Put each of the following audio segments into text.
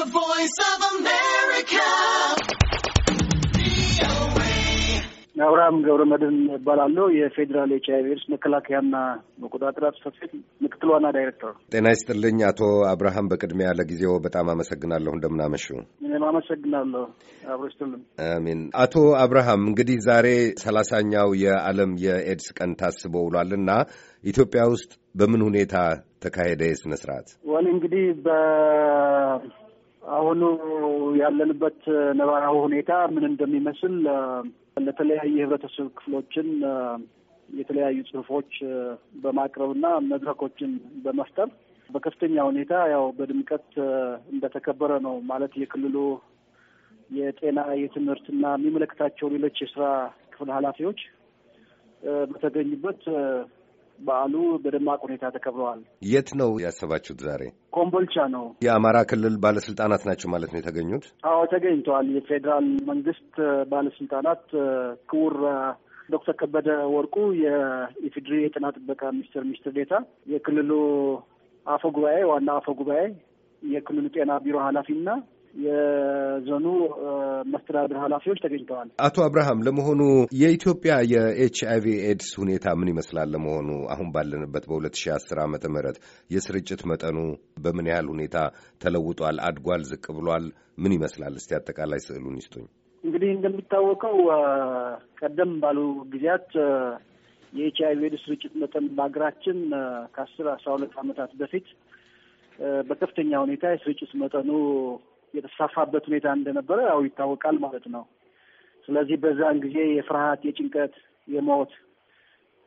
The Voice of America. አብርሃም ገብረ መድህን እባላለሁ። የፌዴራል ኤች አይቪ ኤድስ መከላከያና መቆጣጠሪያ ጽሕፈት ቤት ምክትል ዋና ዳይሬክተር። ጤና ይስጥልኝ አቶ አብርሃም፣ በቅድሚያ ለጊዜው በጣም አመሰግናለሁ። እንደምናመሹ። እኔም አመሰግናለሁ። አብሮ ይስጥልኝ። አሚን። አቶ አብርሃም እንግዲህ ዛሬ ሰላሳኛው የዓለም የኤድስ ቀን ታስቦ ውሏልና ኢትዮጵያ ውስጥ በምን ሁኔታ ተካሄደ የስነ ስርዓት? ወል እንግዲህ አሁኑ ያለንበት ነባራዊ ሁኔታ ምን እንደሚመስል ለተለያዩ የህብረተሰብ ክፍሎችን የተለያዩ ጽሁፎች በማቅረብና መድረኮችን በመፍጠር በከፍተኛ ሁኔታ ያው በድምቀት እንደተከበረ ነው ማለት የክልሉ የጤና የትምህርትና የሚመለከታቸው ሌሎች የስራ ክፍል ኃላፊዎች በተገኙበት በዓሉ በደማቅ ሁኔታ ተከብረዋል። የት ነው ያሰባችሁት? ዛሬ ኮምቦልቻ ነው። የአማራ ክልል ባለስልጣናት ናቸው ማለት ነው የተገኙት? አዎ ተገኝተዋል። የፌዴራል መንግስት ባለስልጣናት ክቡር ዶክተር ከበደ ወርቁ የኢፌዴሪ የጤና ጥበቃ ሚኒስትር ሚኒስትር ዴታ፣ የክልሉ አፈ ጉባኤ ዋና አፈ ጉባኤ፣ የክልሉ ጤና ቢሮ ኃላፊና? የዞኑ መስተዳድር ኃላፊዎች ተገኝተዋል። አቶ አብርሃም፣ ለመሆኑ የኢትዮጵያ የኤች አይቪ ኤድስ ሁኔታ ምን ይመስላል? ለመሆኑ አሁን ባለንበት በሁለት ሺህ አስር ዓመተ ምህረት የስርጭት መጠኑ በምን ያህል ሁኔታ ተለውጧል? አድጓል? ዝቅ ብሏል? ምን ይመስላል? እስቲ አጠቃላይ ስዕሉን ይስጡኝ። እንግዲህ እንደሚታወቀው ቀደም ባሉ ጊዜያት የኤች አይቪ ኤድስ ስርጭት መጠን በሀገራችን ከአስር አስራ ሁለት ዓመታት በፊት በከፍተኛ ሁኔታ የስርጭት መጠኑ የተስፋፋበት ሁኔታ እንደነበረ ያው ይታወቃል ማለት ነው። ስለዚህ በዛን ጊዜ የፍርሃት፣ የጭንቀት፣ የሞት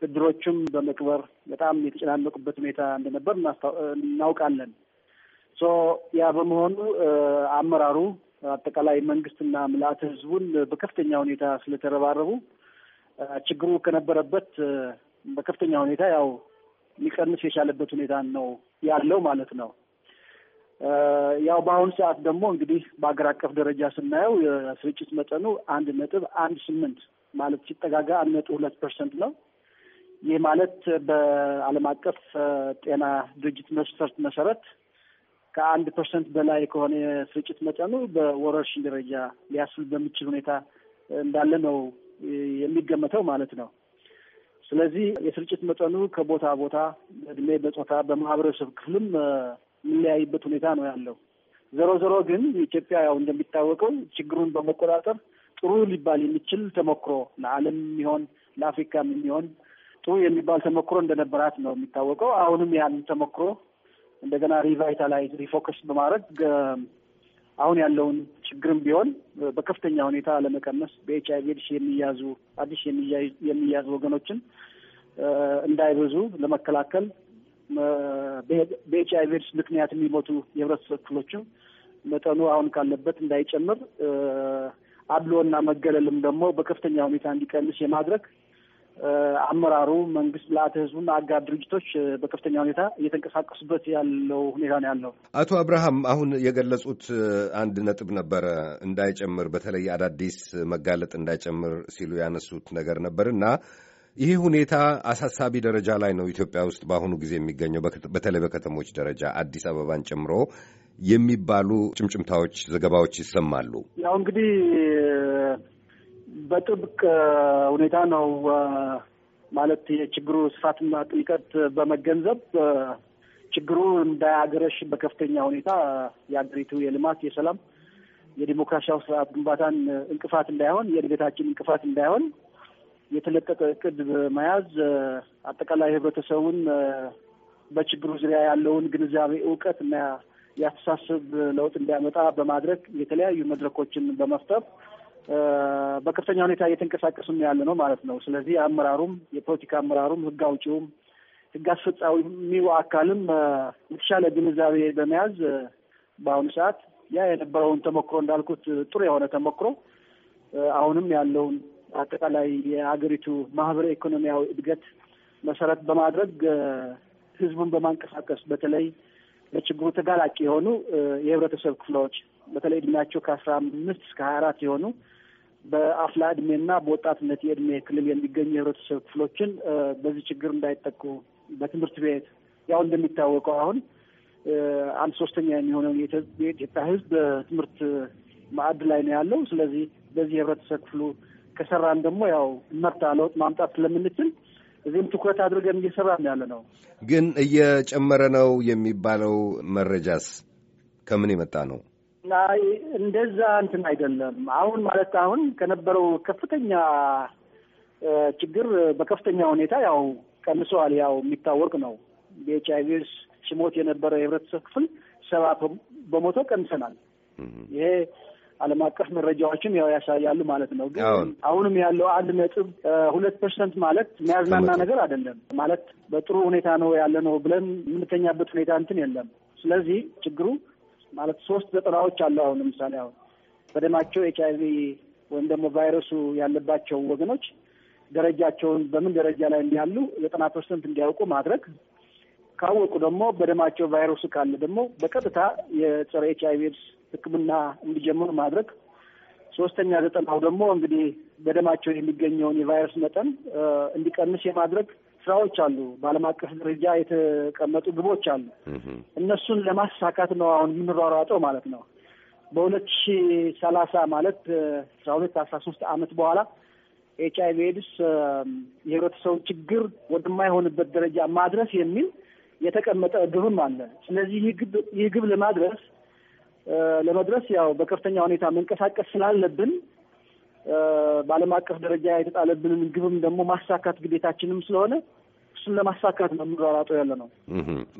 እድሮችም በመቅበር በጣም የተጨናነቁበት ሁኔታ እንደነበር እናውቃለን። ሶ ያ በመሆኑ አመራሩ አጠቃላይ መንግስትና ምልአት ህዝቡን በከፍተኛ ሁኔታ ስለተረባረቡ ችግሩ ከነበረበት በከፍተኛ ሁኔታ ያው ሊቀንስ የቻለበት ሁኔታ ነው ያለው ማለት ነው። ያው በአሁኑ ሰዓት ደግሞ እንግዲህ በሀገር አቀፍ ደረጃ ስናየው የስርጭት መጠኑ አንድ ነጥብ አንድ ስምንት ማለት ሲጠጋጋ አንድ ነጥብ ሁለት ፐርሰንት ነው። ይህ ማለት በዓለም አቀፍ ጤና ድርጅት መስፈርት መሰረት ከአንድ ፐርሰንት በላይ ከሆነ የስርጭት መጠኑ በወረርሽኝ ደረጃ ሊያስብል በሚችል ሁኔታ እንዳለ ነው የሚገመተው ማለት ነው። ስለዚህ የስርጭት መጠኑ ከቦታ ቦታ እድሜ በጾታ፣ በማህበረሰብ ክፍልም የሚለያይበት ሁኔታ ነው ያለው። ዞሮ ዞሮ ግን ኢትዮጵያ ያው እንደሚታወቀው ችግሩን በመቆጣጠር ጥሩ ሊባል የሚችል ተሞክሮ ለዓለም የሚሆን ለአፍሪካም የሚሆን ጥሩ የሚባል ተሞክሮ እንደነበራት ነው የሚታወቀው። አሁንም ያን ተሞክሮ እንደገና ሪቫይታላይዝ ሪፎከስ በማድረግ አሁን ያለውን ችግርም ቢሆን በከፍተኛ ሁኔታ ለመቀነስ በኤች አይቪ ኤድስ የሚያዙ አዲስ የሚያዙ ወገኖችን እንዳይበዙ ለመከላከል በኤች አይቪ ኤድስ ምክንያት የሚሞቱ የህብረተሰብ ክፍሎችም መጠኑ አሁን ካለበት እንዳይጨምር አድሎና መገለልም ደግሞ በከፍተኛ ሁኔታ እንዲቀንስ የማድረግ አመራሩ መንግስት ለአተ ህዝቡና አጋር ድርጅቶች በከፍተኛ ሁኔታ እየተንቀሳቀሱበት ያለው ሁኔታ ነው ያለው። አቶ አብርሃም አሁን የገለጹት አንድ ነጥብ ነበረ፣ እንዳይጨምር በተለይ አዳዲስ መጋለጥ እንዳይጨምር ሲሉ ያነሱት ነገር ነበር እና ይህ ሁኔታ አሳሳቢ ደረጃ ላይ ነው ኢትዮጵያ ውስጥ በአሁኑ ጊዜ የሚገኘው በተለይ በከተሞች ደረጃ አዲስ አበባን ጨምሮ የሚባሉ ጭምጭምታዎች፣ ዘገባዎች ይሰማሉ። ያው እንግዲህ በጥብቅ ሁኔታ ነው ማለት የችግሩ ስፋትና ጥልቀት በመገንዘብ ችግሩ እንዳያገረሽ በከፍተኛ ሁኔታ የአገሪቱ የልማት የሰላም የዲሞክራሲያዊ ስርዓት ግንባታን እንቅፋት እንዳይሆን የእድገታችን እንቅፋት እንዳይሆን የተለቀቀ እቅድ በመያዝ አጠቃላይ ህብረተሰቡን በችግሩ ዙሪያ ያለውን ግንዛቤ፣ እውቀት እና የአስተሳሰብ ለውጥ እንዲያመጣ በማድረግ የተለያዩ መድረኮችን በመፍጠር በከፍተኛ ሁኔታ እየተንቀሳቀሱም ያለ ነው ማለት ነው። ስለዚህ አመራሩም፣ የፖለቲካ አመራሩም፣ ህግ አውጪውም፣ ህግ አስፈጻሚው አካልም የተሻለ ግንዛቤ በመያዝ በአሁኑ ሰዓት ያ የነበረውን ተሞክሮ እንዳልኩት ጥሩ የሆነ ተሞክሮ አሁንም ያለውን አጠቃላይ የሀገሪቱ ማህበራዊ ኢኮኖሚያዊ እድገት መሰረት በማድረግ ህዝቡን በማንቀሳቀስ በተለይ ለችግሩ ተጋላጭ የሆኑ የህብረተሰብ ክፍሎች በተለይ እድሜያቸው ከአስራ አምስት እስከ ሀያ አራት የሆኑ በአፍላ እድሜና በወጣትነት የእድሜ ክልል የሚገኙ የህብረተሰብ ክፍሎችን በዚህ ችግር እንዳይጠቁ በትምህርት ቤት ያው እንደሚታወቀው አሁን አንድ ሶስተኛ የሚሆነው የኢትዮጵያ ህዝብ በትምህርት ማዕድ ላይ ነው ያለው። ስለዚህ በዚህ የህብረተሰብ ክፍሉ ከሰራን ደግሞ ያው መርታ ለውጥ ማምጣት ስለምንችል እዚህም ትኩረት አድርገን እየሰራን ያለ ነው። ግን እየጨመረ ነው የሚባለው መረጃስ ከምን የመጣ ነው? እንደዛ እንትን አይደለም። አሁን ማለት አሁን ከነበረው ከፍተኛ ችግር በከፍተኛ ሁኔታ ያው ቀንሰዋል። ያው የሚታወቅ ነው። በኤች አይ ቪ ሲሞት የህብረተሰብ ክፍል ሰባ በመቶ ቀንሰናል። ይሄ ዓለም አቀፍ መረጃዎችም ያው ያሳያሉ ማለት ነው። ግን አሁንም ያለው አንድ ነጥብ ሁለት ፐርሰንት ማለት የሚያዝናና ነገር አይደለም ማለት በጥሩ ሁኔታ ነው ያለ ነው ብለን የምንተኛበት ሁኔታ እንትን የለም። ስለዚህ ችግሩ ማለት ሶስት ዘጠናዎች አሉ። አሁን ለምሳሌ አሁን በደማቸው ኤች አይ ቪ ወይም ደግሞ ቫይረሱ ያለባቸው ወገኖች ደረጃቸውን በምን ደረጃ ላይ እንዲያሉ ዘጠና ፐርሰንት እንዲያውቁ ማድረግ ካወቁ ደግሞ በደማቸው ቫይረሱ ካለ ደግሞ በቀጥታ የጸረ ኤች አይ ቪ ኤድስ ሕክምና እንዲጀምሩ ማድረግ ሶስተኛ ዘጠናው ደግሞ እንግዲህ በደማቸው የሚገኘውን የቫይረስ መጠን እንዲቀንስ የማድረግ ስራዎች አሉ። በዓለም አቀፍ ደረጃ የተቀመጡ ግቦች አሉ። እነሱን ለማሳካት ነው አሁን የምንሯሯጠው ማለት ነው። በሁለት ሺ ሰላሳ ማለት አስራ ሁለት አስራ ሶስት አመት በኋላ ኤች አይቪ ኤድስ የህብረተሰቡን ችግር ወደማይሆንበት ደረጃ ማድረስ የሚል የተቀመጠ ግብም አለ። ስለዚህ ይህ ግብ ለማድረስ ለመድረስ ያው በከፍተኛ ሁኔታ መንቀሳቀስ ስላለብን በዓለም አቀፍ ደረጃ የተጣለብንን ግብም ደግሞ ማሳካት ግዴታችንም ስለሆነ እሱን ለማሳካት ነው የምንሯሯጠው ያለ ነው።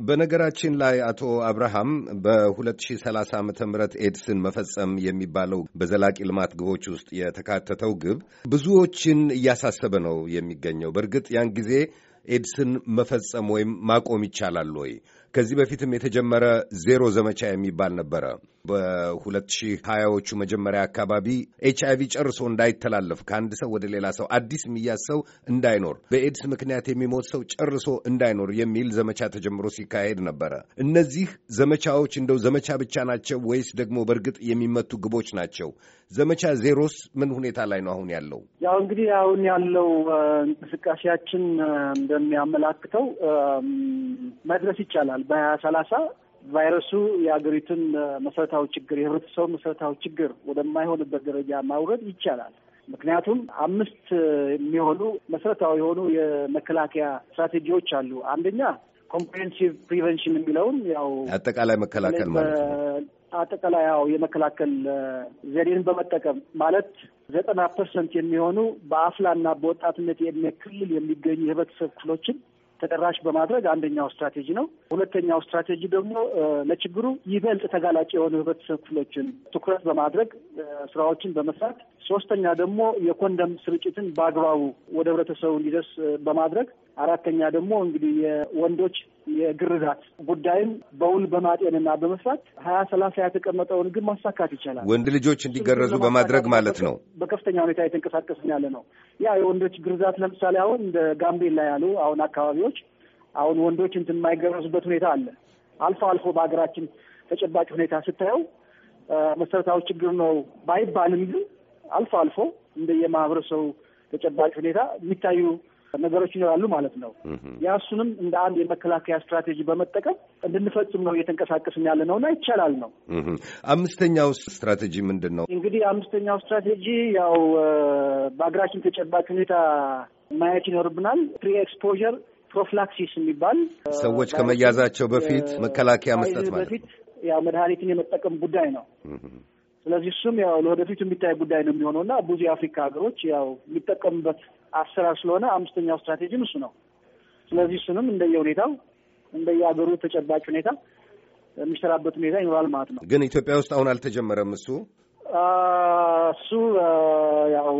በነገራችን ላይ አቶ አብርሃም በ2030 ዓመተ ምህረት ኤድስን መፈጸም የሚባለው በዘላቂ ልማት ግቦች ውስጥ የተካተተው ግብ ብዙዎችን እያሳሰበ ነው የሚገኘው። በእርግጥ ያን ጊዜ ኤድስን መፈጸም ወይም ማቆም ይቻላል ወይ? ከዚህ በፊትም የተጀመረ ዜሮ ዘመቻ የሚባል ነበረ። በሁለት ሺህ ሀያዎቹ መጀመሪያ አካባቢ ኤች አይቪ ጨርሶ እንዳይተላለፍ ከአንድ ሰው ወደ ሌላ ሰው አዲስ የሚያዝ ሰው እንዳይኖር፣ በኤድስ ምክንያት የሚሞት ሰው ጨርሶ እንዳይኖር የሚል ዘመቻ ተጀምሮ ሲካሄድ ነበረ። እነዚህ ዘመቻዎች እንደው ዘመቻ ብቻ ናቸው ወይስ ደግሞ በእርግጥ የሚመቱ ግቦች ናቸው? ዘመቻ ዜሮስ ምን ሁኔታ ላይ ነው አሁን ያለው? ያው እንግዲህ አሁን ያለው እንቅስቃሴያችን እንደሚያመላክተው መድረስ ይቻላል ይሆናል በሀያ ሰላሳ ቫይረሱ የሀገሪቱን መሰረታዊ ችግር የህብረተሰቡ መሰረታዊ ችግር ወደማይሆንበት ደረጃ ማውረድ ይቻላል። ምክንያቱም አምስት የሚሆኑ መሰረታዊ የሆኑ የመከላከያ ስትራቴጂዎች አሉ። አንደኛ ኮምፕሬንሲቭ ፕሪቨንሽን የሚለውን ያው አጠቃላይ መከላከል ማለት ነው። አጠቃላይ ያው የመከላከል ዘዴን በመጠቀም ማለት ዘጠና ፐርሰንት የሚሆኑ በአፍላና በወጣትነት የሚክልል የሚገኙ የህብረተሰብ ክፍሎችን ተደራሽ በማድረግ አንደኛው ስትራቴጂ ነው። ሁለተኛው ስትራቴጂ ደግሞ ለችግሩ ይበልጥ ተጋላጭ የሆኑ ህብረተሰብ ክፍሎችን ትኩረት በማድረግ ስራዎችን በመስራት፣ ሶስተኛ ደግሞ የኮንደም ስርጭትን በአግባቡ ወደ ህብረተሰቡ እንዲደርስ በማድረግ አራተኛ ደግሞ እንግዲህ የወንዶች የግርዛት ጉዳይን በውል በማጤንና በመስራት ሀያ ሰላሳ የተቀመጠውን ግን ማሳካት ይቻላል። ወንድ ልጆች እንዲገረዙ በማድረግ ማለት ነው። በከፍተኛ ሁኔታ የተንቀሳቀስን ያለ ነው። ያ የወንዶች ግርዛት ለምሳሌ አሁን እንደ ጋምቤላ ያሉ አሁን አካባቢዎች አሁን ወንዶች እንትን የማይገረሱበት ሁኔታ አለ። አልፎ አልፎ በሀገራችን ተጨባጭ ሁኔታ ስታየው መሰረታዊ ችግር ነው ባይባልም ግን አልፎ አልፎ እንደ የማህበረሰቡ ተጨባጭ ሁኔታ የሚታዩ ነገሮች ይኖራሉ ማለት ነው። ያሱንም እንደ አንድ የመከላከያ ስትራቴጂ በመጠቀም እንድንፈጽም ነው እየተንቀሳቀስን ያለ ነውና ይቻላል ነው። አምስተኛው ስትራቴጂ ምንድን ነው? እንግዲህ አምስተኛው ስትራቴጂ ያው በሀገራችን ተጨባጭ ሁኔታ ማየት ይኖርብናል። ፕሪ ኤክስፖዠር ፕሮፍላክሲስ የሚባል ሰዎች ከመያዛቸው በፊት መከላከያ መስጠት ማለት ነው። ያው መድኃኒትን የመጠቀም ጉዳይ ነው። ስለዚህ እሱም ያው ለወደፊቱ የሚታይ ጉዳይ ነው የሚሆነው እና ብዙ የአፍሪካ ሀገሮች ያው የሚጠቀሙበት አሰራር ስለሆነ አምስተኛው ስትራቴጂም እሱ ነው። ስለዚህ እሱንም እንደየ ሁኔታው እንደየ ሀገሩ ተጨባጭ ሁኔታ የሚሰራበት ሁኔታ ይኖራል ማለት ነው። ግን ኢትዮጵያ ውስጥ አሁን አልተጀመረም። እሱ እሱ ያው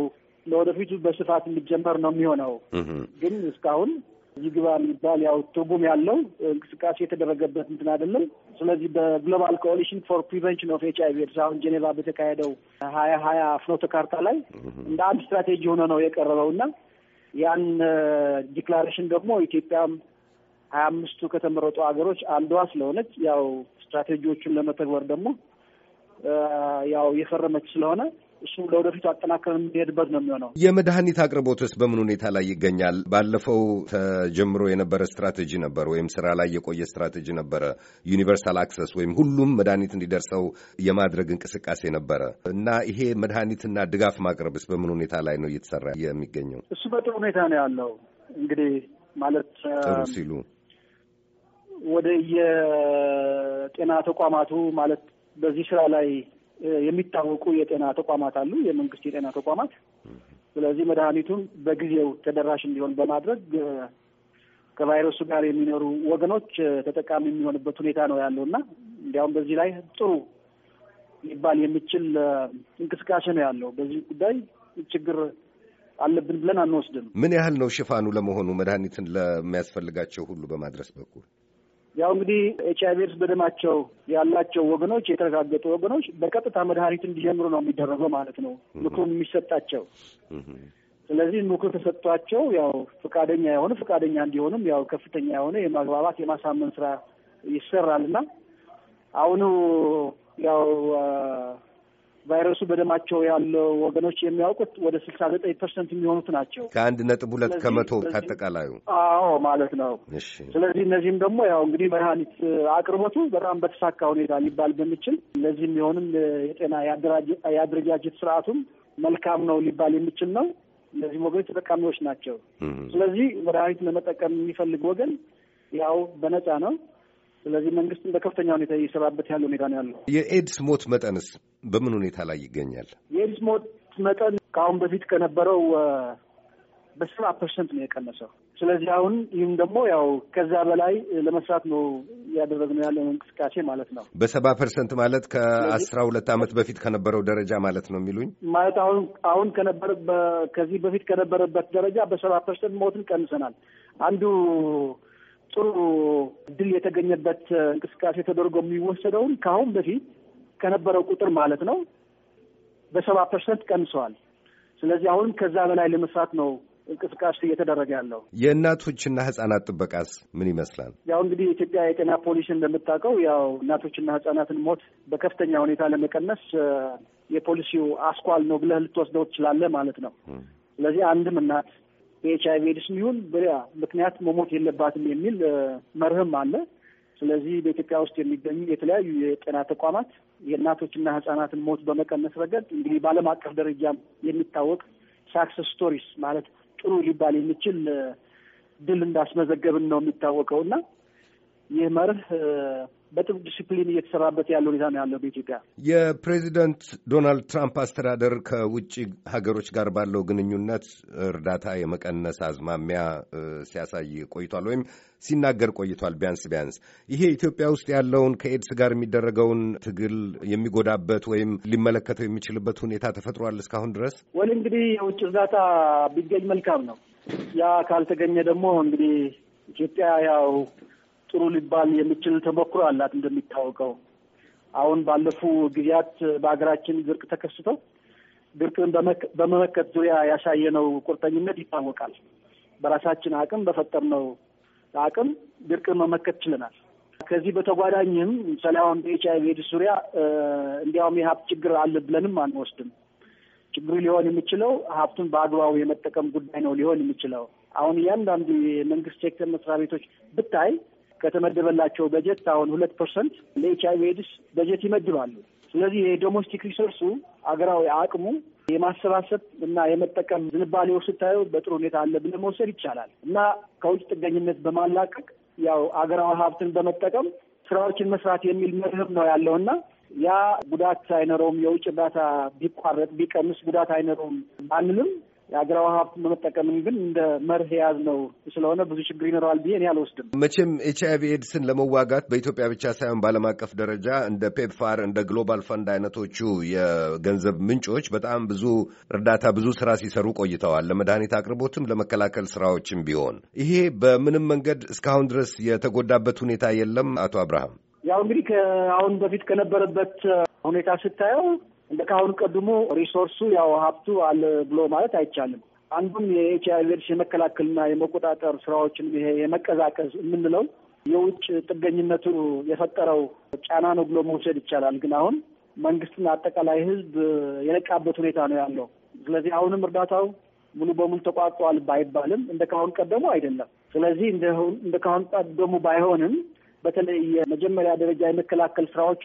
ለወደፊቱ በስፋት የሚጀመር ነው የሚሆነው። ግን እስካሁን ይግባ የሚባል ያው ትርጉም ያለው እንቅስቃሴ የተደረገበት እንትን አይደለም። ስለዚህ በግሎባል ኮሊሽን ፎር ፕሪቨንሽን ኦፍ ኤች አይቪ ኤድስ አሁን ጄኔቫ በተካሄደው ሀያ ሀያ ፍኖተ ካርታ ላይ እንደ አንድ ስትራቴጂ ሆነ ነው የቀረበው እና ያን ዲክላሬሽን ደግሞ ኢትዮጵያም ሀያ አምስቱ ከተመረጡ ሀገሮች አንዷ ስለሆነች ያው ስትራቴጂዎቹን ለመተግበር ደግሞ ያው የፈረመች ስለሆነ እሱ ለወደፊቱ አጠናክረን የምንሄድበት ነው የሚሆነው። የመድኃኒት አቅርቦትስ በምን ሁኔታ ላይ ይገኛል? ባለፈው ተጀምሮ የነበረ ስትራቴጂ ነበር ወይም ስራ ላይ የቆየ ስትራቴጂ ነበረ፣ ዩኒቨርሳል አክሰስ ወይም ሁሉም መድኃኒት እንዲደርሰው የማድረግ እንቅስቃሴ ነበረ እና ይሄ መድኃኒትና ድጋፍ ማቅረብስ በምን ሁኔታ ላይ ነው እየተሰራ የሚገኘው? እሱ በጥሩ ሁኔታ ነው ያለው። እንግዲህ ማለት ጥሩ ሲሉ ወደ የጤና ተቋማቱ ማለት በዚህ ስራ ላይ የሚታወቁ የጤና ተቋማት አሉ፣ የመንግስት የጤና ተቋማት። ስለዚህ መድኃኒቱን በጊዜው ተደራሽ እንዲሆን በማድረግ ከቫይረሱ ጋር የሚኖሩ ወገኖች ተጠቃሚ የሚሆንበት ሁኔታ ነው ያለው እና እንዲያውም በዚህ ላይ ጥሩ ሊባል የሚችል እንቅስቃሴ ነው ያለው። በዚህ ጉዳይ ችግር አለብን ብለን አንወስድም። ምን ያህል ነው ሽፋኑ ለመሆኑ መድኃኒትን ለሚያስፈልጋቸው ሁሉ በማድረስ በኩል? ያው እንግዲህ ኤች አይቪ ኤድስ በደማቸው ያላቸው ወገኖች የተረጋገጡ ወገኖች በቀጥታ መድኃኒት እንዲጀምሩ ነው የሚደረገው ማለት ነው ምክሩም የሚሰጣቸው። ስለዚህ ምክር ተሰጥቷቸው ያው ፈቃደኛ የሆነ ፈቃደኛ እንዲሆንም ያው ከፍተኛ የሆነ የማግባባት የማሳመን ስራ ይሰራልና አሁኑ ያው ቫይረሱ በደማቸው ያለው ወገኖች የሚያውቁት ወደ ስልሳ ዘጠኝ ፐርሰንት የሚሆኑት ናቸው። ከአንድ ነጥብ ሁለት ከመቶ ከአጠቃላዩ። አዎ ማለት ነው። ስለዚህ እነዚህም ደግሞ ያው እንግዲህ መድኃኒት አቅርቦቱ በጣም በተሳካ ሁኔታ ሊባል በሚችል ለዚህ የሚሆንም የጤና የአደረጃጀት ስርዓቱም መልካም ነው ሊባል የሚችል ነው። እነዚህ ወገኖች ተጠቃሚዎች ናቸው። ስለዚህ መድኃኒት ለመጠቀም የሚፈልግ ወገን ያው በነፃ ነው ስለዚህ መንግስትም በከፍተኛ ሁኔታ እየሰራበት ያለ ሁኔታ ነው ያለው። የኤድስ ሞት መጠንስ በምን ሁኔታ ላይ ይገኛል? የኤድስ ሞት መጠን ከአሁን በፊት ከነበረው በሰባ ፐርሰንት ነው የቀነሰው። ስለዚህ አሁን ይህም ደግሞ ያው ከዛ በላይ ለመስራት ነው እያደረግነው ያለው እንቅስቃሴ ማለት ነው። በሰባ ፐርሰንት ማለት ከአስራ ሁለት ዓመት በፊት ከነበረው ደረጃ ማለት ነው የሚሉኝ ማለት አሁን አሁን ከነበረ ከዚህ በፊት ከነበረበት ደረጃ በሰባ ፐርሰንት ሞትን ቀንሰናል። አንዱ ጥሩ ድል የተገኘበት እንቅስቃሴ ተደርጎ የሚወሰደውን ከአሁን በፊት ከነበረው ቁጥር ማለት ነው በሰባ ፐርሰንት ቀንሰዋል። ስለዚህ አሁንም ከዛ በላይ ለመስራት ነው እንቅስቃሴ እየተደረገ ያለው። የእናቶችና ህጻናት ጥበቃስ ምን ይመስላል? ያው እንግዲህ የኢትዮጵያ የጤና ፖሊሲ እንደምታውቀው ያው እናቶችና ህጻናትን ሞት በከፍተኛ ሁኔታ ለመቀነስ የፖሊሲው አስኳል ነው ብለህ ልትወስደው ትችላለህ ማለት ነው። ስለዚህ አንድም እናት የኤች አይቪ ኤድስ ይሁን በሌላ ምክንያት መሞት የለባትም የሚል መርህም አለ። ስለዚህ በኢትዮጵያ ውስጥ የሚገኙ የተለያዩ የጤና ተቋማት የእናቶችና ህጻናትን ሞት በመቀነስ ረገድ እንግዲህ በዓለም አቀፍ ደረጃ የሚታወቅ ሳክሰስ ስቶሪስ ማለት ጥሩ ሊባል የሚችል ድል እንዳስመዘገብን ነው የሚታወቀው እና ይህ መርህ በጥብቅ ዲስፕሊን እየተሰራበት ያለ ሁኔታ ነው ያለው በኢትዮጵያ። የፕሬዚደንት ዶናልድ ትራምፕ አስተዳደር ከውጭ ሀገሮች ጋር ባለው ግንኙነት እርዳታ የመቀነስ አዝማሚያ ሲያሳይ ቆይቷል ወይም ሲናገር ቆይቷል። ቢያንስ ቢያንስ ይሄ ኢትዮጵያ ውስጥ ያለውን ከኤድስ ጋር የሚደረገውን ትግል የሚጎዳበት ወይም ሊመለከተው የሚችልበት ሁኔታ ተፈጥሯል። እስካሁን ድረስ ወል እንግዲህ የውጭ እርዳታ ቢገኝ መልካም ነው። ያ ካልተገኘ ደግሞ እንግዲህ ኢትዮጵያ ያው ጥሩ ሊባል የሚችል ተሞክሮ አላት። እንደሚታወቀው አሁን ባለፉ ጊዜያት በሀገራችን ድርቅ ተከስቶ ድርቅን በመመከት ዙሪያ ያሳየነው ቁርጠኝነት ይታወቃል። በራሳችን አቅም በፈጠርነው አቅም ድርቅን መመከት ችለናል። ከዚህ በተጓዳኝም ሰላሁን በኤች አይቪ ኤድስ ዙሪያ እንዲያውም የሀብት ችግር አለ ብለንም አንወስድም። ችግሩ ሊሆን የሚችለው ሀብቱን በአግባቡ የመጠቀም ጉዳይ ነው ሊሆን የሚችለው። አሁን እያንዳንዱ የመንግስት ሴክተር መስሪያ ቤቶች ብታይ ከተመደበላቸው በጀት አሁን ሁለት ፐርሰንት ለኤች አይቪ ኤድስ በጀት ይመድባሉ። ስለዚህ የዶሜስቲክ ሪሶርሱ አገራዊ አቅሙ የማሰባሰብ እና የመጠቀም ዝንባሌው ስታየው በጥሩ ሁኔታ አለ ብለህ መውሰድ ይቻላል እና ከውጭ ጥገኝነት በማላቀቅ ያው አገራዊ ሀብትን በመጠቀም ስራዎችን መስራት የሚል መርህብ ነው ያለው እና ያ ጉዳት አይኖረውም። የውጭ እርዳታ ቢቋረጥ ቢቀንስ ጉዳት አይኖረውም ባንልም የአገራዊ ሀብት መጠቀምን ግን እንደ መርህ የያዝ ነው ስለሆነ ብዙ ችግር ይኖረዋል ብዬ እኔ አልወስድም። መቼም ኤች አይቪ ኤድስን ለመዋጋት በኢትዮጵያ ብቻ ሳይሆን በዓለም አቀፍ ደረጃ እንደ ፔፕፋር እንደ ግሎባል ፈንድ አይነቶቹ የገንዘብ ምንጮች በጣም ብዙ እርዳታ፣ ብዙ ስራ ሲሰሩ ቆይተዋል። ለመድኃኒት አቅርቦትም ለመከላከል ስራዎችም ቢሆን ይሄ በምንም መንገድ እስካሁን ድረስ የተጎዳበት ሁኔታ የለም። አቶ አብርሃም ያው እንግዲህ ከአሁን በፊት ከነበረበት ሁኔታ ስታየው እንደ ካሁኑ ቀድሞ ሪሶርሱ ያው ሀብቱ አለ ብሎ ማለት አይቻልም። አንዱም የኤች አይቪ ኤድስ የመከላከልና የመቆጣጠር ስራዎችን ይሄ የመቀዛቀዝ የምንለው የውጭ ጥገኝነቱ የፈጠረው ጫና ነው ብሎ መውሰድ ይቻላል። ግን አሁን መንግስትና አጠቃላይ ህዝብ የነቃበት ሁኔታ ነው ያለው። ስለዚህ አሁንም እርዳታው ሙሉ በሙሉ ተቋርጧል ባይባልም እንደ ካሁን ቀደሙ አይደለም። ስለዚህ እንደ ካሁን ቀደሙ ባይሆንም በተለይ የመጀመሪያ ደረጃ የመከላከል ስራዎቹ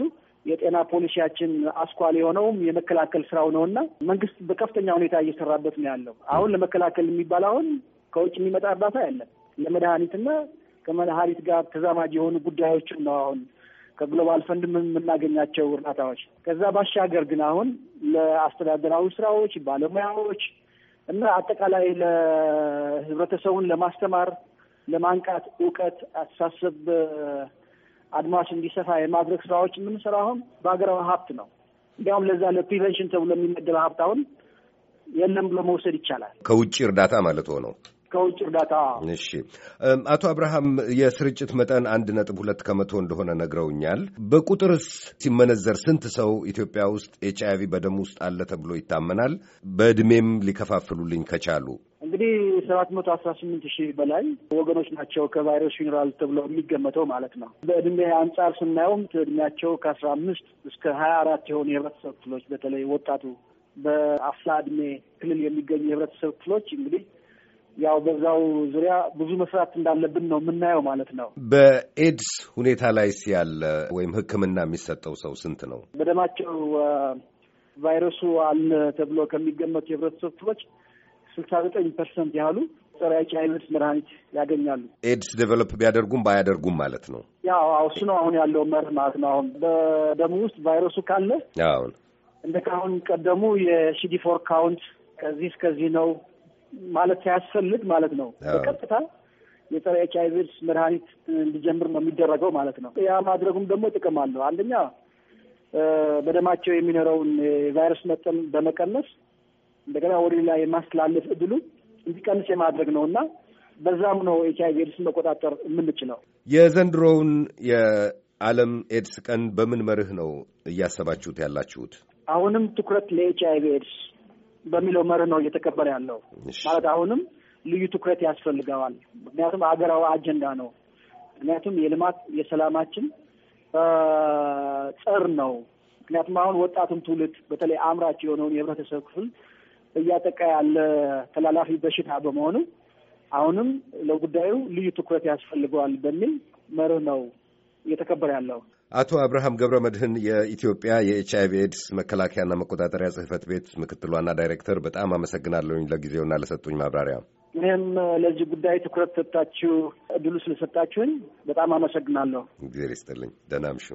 የጤና ፖሊሲያችን አስኳል የሆነውም የመከላከል ስራው ነውና መንግስት በከፍተኛ ሁኔታ እየሰራበት ነው ያለው። አሁን ለመከላከል የሚባል አሁን ከውጭ የሚመጣ እርዳታ ያለን ለመድኃኒትና ከመድኃኒት ጋር ተዛማጅ የሆኑ ጉዳዮችን ነው አሁን ከግሎባል ፈንድ የምናገኛቸው እርዳታዎች። ከዛ ባሻገር ግን አሁን ለአስተዳደራዊ ስራዎች ባለሙያዎች እና አጠቃላይ ለህብረተሰቡን ለማስተማር ለማንቃት እውቀት፣ አስተሳሰብ አድማስ እንዲሰፋ የማድረግ ስራዎች የምንሰራ አሁን በሀገራዊ ሀብት ነው። እንዲያውም ለዛ ለፕሪቨንሽን ተብሎ የሚመደበ ሀብት አሁን የለም ብሎ መውሰድ ይቻላል። ከውጭ እርዳታ ማለት ሆነው ከውጭ እርዳታ። እሺ አቶ አብርሃም የስርጭት መጠን አንድ ነጥብ ሁለት ከመቶ እንደሆነ ነግረውኛል። በቁጥርስ ሲመነዘር ስንት ሰው ኢትዮጵያ ውስጥ ኤች ቪ በደም ውስጥ አለ ተብሎ ይታመናል? በእድሜም ሊከፋፍሉልኝ ከቻሉ እንግዲህ ሰባት መቶ አስራ ስምንት ሺህ በላይ ወገኖች ናቸው ከቫይረሱ ይኖራል ተብለው የሚገመተው ማለት ነው። በእድሜ አንጻር ስናየውም እድሜያቸው ከአስራ አምስት እስከ ሀያ አራት የሆኑ የህብረተሰብ ክፍሎች በተለይ ወጣቱ በአፍላ እድሜ ክልል የሚገኙ የህብረተሰብ ክፍሎች እንግዲህ ያው በዛው ዙሪያ ብዙ መስራት እንዳለብን ነው የምናየው ማለት ነው። በኤድስ ሁኔታ ላይ ያለ ወይም ሕክምና የሚሰጠው ሰው ስንት ነው? በደማቸው ቫይረሱ አለ ተብሎ ከሚገመቱ የህብረተሰብ ክፍሎች ስልሳ ዘጠኝ ፐርሰንት ያህሉ ጸረ አቂ አይነት መድኃኒት ያገኛሉ። ኤድስ ዴቨሎፕ ቢያደርጉም ባያደርጉም ማለት ነው። ያው እሱ ነው አሁን ያለው መርህ ማለት ነው። አሁን በደሙ ውስጥ ቫይረሱ ካለ አሁን እንደ ካሁን ቀደሙ የሲዲፎር ካውንት ከዚህ እስከዚህ ነው ማለት ሳያስፈልግ ማለት ነው በቀጥታ የጸረ ኤች አይ ቪ መድኃኒት እንዲጀምር ነው የሚደረገው ማለት ነው። ያ ማድረጉም ደግሞ ጥቅም አለው። አንደኛ በደማቸው የሚኖረውን የቫይረስ መጠን በመቀነስ እንደገና ወደ ሌላ የማስተላለፍ እድሉ እንዲቀንስ የማድረግ ነው እና በዛም ነው ኤች አይቪ ኤድስን መቆጣጠር የምንችለው። የዘንድሮውን የዓለም ኤድስ ቀን በምን መርህ ነው እያሰባችሁት ያላችሁት? አሁንም ትኩረት ለኤች አይቪ ኤድስ በሚለው መርህ ነው እየተከበረ ያለው። ማለት አሁንም ልዩ ትኩረት ያስፈልገዋል። ምክንያቱም ሀገራዊ አጀንዳ ነው። ምክንያቱም የልማት የሰላማችን ጸር ነው። ምክንያቱም አሁን ወጣቱን ትውልድ በተለይ አምራች የሆነውን የህብረተሰብ ክፍል እያጠቃ ያለ ተላላፊ በሽታ በመሆኑ አሁንም ለጉዳዩ ልዩ ትኩረት ያስፈልገዋል በሚል መርህ ነው እየተከበረ ያለው። አቶ አብርሃም ገብረ መድህን የኢትዮጵያ የኤች አይቪ ኤድስ መከላከያና መቆጣጠሪያ ጽህፈት ቤት ምክትል ዋና ዳይሬክተር፣ በጣም አመሰግናለሁኝ ለጊዜውና ለሰጡኝ ማብራሪያ። እኔም ለዚህ ጉዳይ ትኩረት ሰጣችሁ እድሉ ስለሰጣችሁኝ በጣም አመሰግናለሁ። እግዜር ይስጥልኝ። ደህና እምሹ።